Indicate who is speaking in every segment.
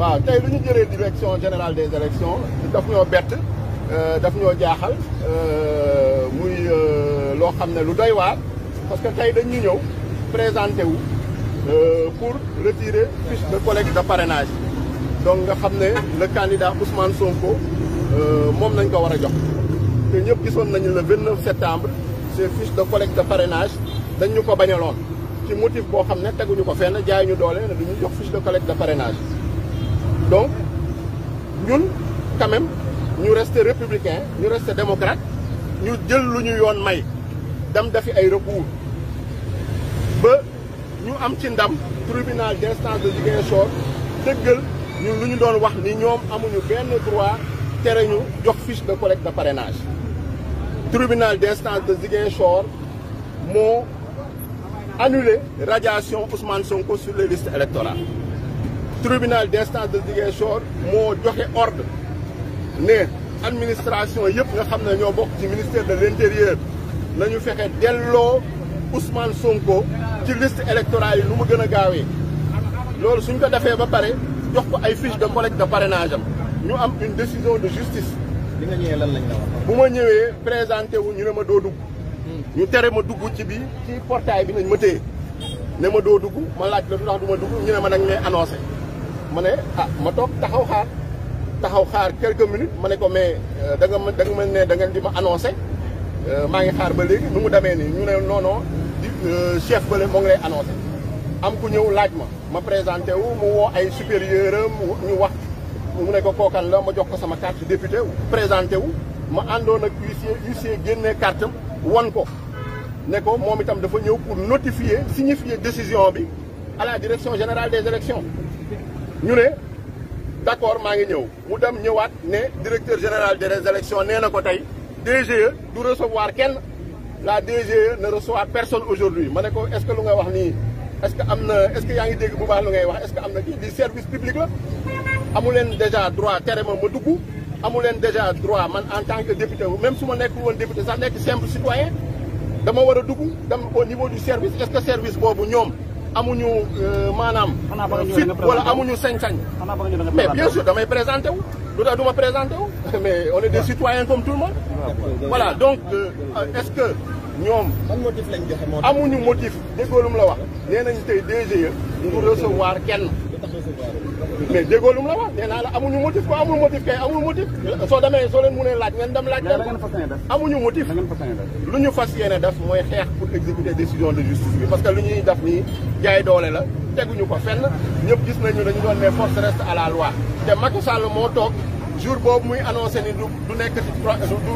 Speaker 1: waaw tey lu ñu jëlee direction générale des élections daf ñoo bett euh, daf ñoo jaaxal euh, muy euh, loo xam ne lu doy waar parce que tey dañ ñu ñëw présenté wu pour retirer fiche de collecte de parrainage donc nga xam ne le candidat Ousmane Sonko moom nañ ko war a jox te ñëpp gisoon nañu le 29 septembre ces fiches de collecte de parrainage dañu ñu ko bañaloon ci motif boo xam ne teguñu ko feen jaay ñu doole ne du ñu jox fiche de collecte de parrainage donc ñun quand ñu rester républicain ñu rester démocrate ñu jël lu ñu yoon may dem dafi ay recours ba ñu am ci ndam tribunal d'instance de Ziguinchor dëggal ñun lu ñu doon wax ni ñoom amuñu benn droit tere ñu jox fiche de collecte de parrainage tribunal d'instance de Ziguinchor moo annuler radiation Ousmane Sonko sur les listes électorales tribunal d'instance de Ziguinchor moo joxe ordre ne administration yëpp nga xam ne ñoo bokk ci ministère de l'intérieur nañu fexe delloo Ousmane Sonko ci liste électorale yi lu mu gën a gaawee loolu suñ ko defee ba pare jox ko ay fiche de collecte de parrainage am ñu am une décision de justice. li nga lan lañ la wax. bu ma ñëwee présenté wu ñu ne ma doo dugg. ñu tere ma dugg ci bi ci portail bi nañ ma téye ne ma doo dugg ma laaj la du tax du ma dugg ñu ne ma nag ngay annoncé ma ne ah ma toog taxaw xaar taxaw xaar quelques minutes ma ne ko mais euh, da nga ma da ma ne da ngeen di ma annoncé euh, maa ngi xaar ba léegi nu mu demee nii ñu ne non non di euh, chef bële moo ngi lay annoncé am ku ñëw laaj ma ma présenté wu mu woo ay supérieur am ñu wax mu ne ko kookan la ma jox ko sama carte député présenté wu ma àndoon ak huissier huissier génnee carte won ko nekko moom itam dafa ñëw pour notifier signifier décision bi à la direction général des élections ñu ne d'accord maa ngi ñëw mu dem ñëwaat ne directeur général des élections nee na ko tey DGE du recevoir kenn la DGE ne reçoit personne aujourd'hui ma ne ko est-ce que lu nga wax nii est-ce que am na est-ce que yaa ngi dégg bu baax lu ngay wax est-ce que am na kii di service public la amu leen déjà droit tere ma ma dugg amu leen déjà droit man en tant que député même su ma nekk woon député sax nekk simple dama war a dugg dem a niveau du service est-ce que service boobu ñoom amuñu euh, maanaam fit wala amuñu sañ-sañ mais bien sûr damay présenté wu lu tax du ma présenté wu mais on est des citoyens comme tout le monde voilà donc euh, est-ce que ñoom amuñu motif déggoolum la wax nee nañ tey DGE pour recevoir kenn mais déggoo lu mu la wax nee naa la amuñu motif quoi amul motif kay amul motif soo demee soo leen mënee laaj ngeen dem laaj amuñu motif lu ñu fas yéene def mooy xeex pour exécuter décision de justice parce que lu ñuy def nii jaay doole la teguñu ko fenn ñëpp gis nañu dañu doon ne force reste à la loi te Macky Sall moo toog jour boobu muy annoncé ni du du nekk ci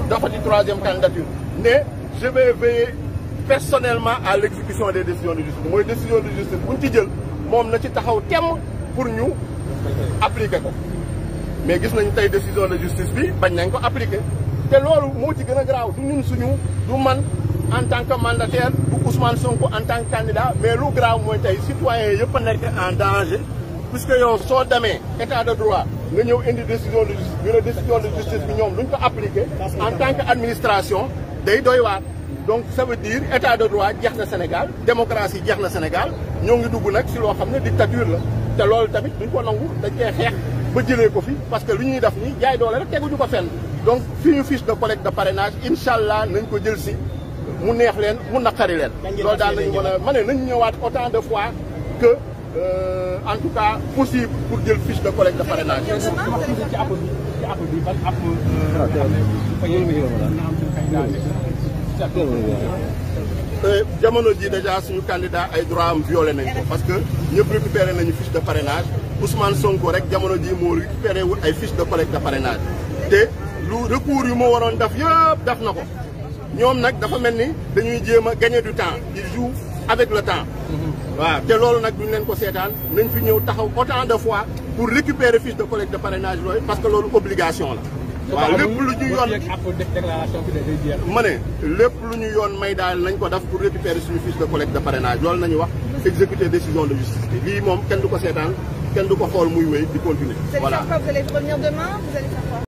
Speaker 1: dafa di troisième candidature ne je vais veiller personnellement à l' exécution de justice mooy décision de justice buñ ci jël moom na ci taxaw temm pour ñu appliquer ko mais gis nañu tey décision de justice bi bañ nañ ko appliquer te loolu moo ci gën a garaaw du ñun suñu du man en tant que mandataire du Ousmane Sonko en tant que candidat mais lu garaaw mooy tey citoyen yëpp a nekk en danger puisque yow soo demee état de droit nga ñëw indi décision de justice ñu ne décision de justice bi ñoom duñ ko appliquer en tant administration day doy waar donc ça veut dire état de droit jeex na Sénégal démocratie jeex na Sénégal ñoo ngi dugg nag si loo xam ne dictature la te loolu tamit duñ ko nangu dañ cee xeex ba jëlee ko fi parce que lu ñuy def nii jaay doole rek teguñu ko fenn donc suñu fiche de collecte de parrainage incha allah nañ ko jël si mu neex leen mu naqari leen loolu daal nañu mën a ma ne nañ ñëwaat autant de fois que euh, en tout cas possible pour jël fiche de collecte de parrainage ci jamono ji déjà suñu candidat ay droit am violé nañ ko parce que ñëpp récupéré nañu fiche de parrainage Ousmane Sonko rek jamono ji moo récupéré ay fiche de collecte de parrainage te lu recours yu moo waroon def yëpp def na ko ñoom nag dafa mel ni dañuy jéem a gagner du temps ils jouent avec le temps waaw te loolu nag duñ leen ko seetaan nañ fi ñëw taxaw autant de fois pour récupérer fiche de collecte de parrainage yooyu parce que loolu obligation la waaw lépp lu ñu yoon ma ne lépp lu ñu yoon may daal nañ ko def pour récupérer suñu fiche de collecte de parrainage loolu nañu wax exécuter décision de justice bi lii moom kenn du ko seetaan kenn du ko xool muy wéy di continuer voilà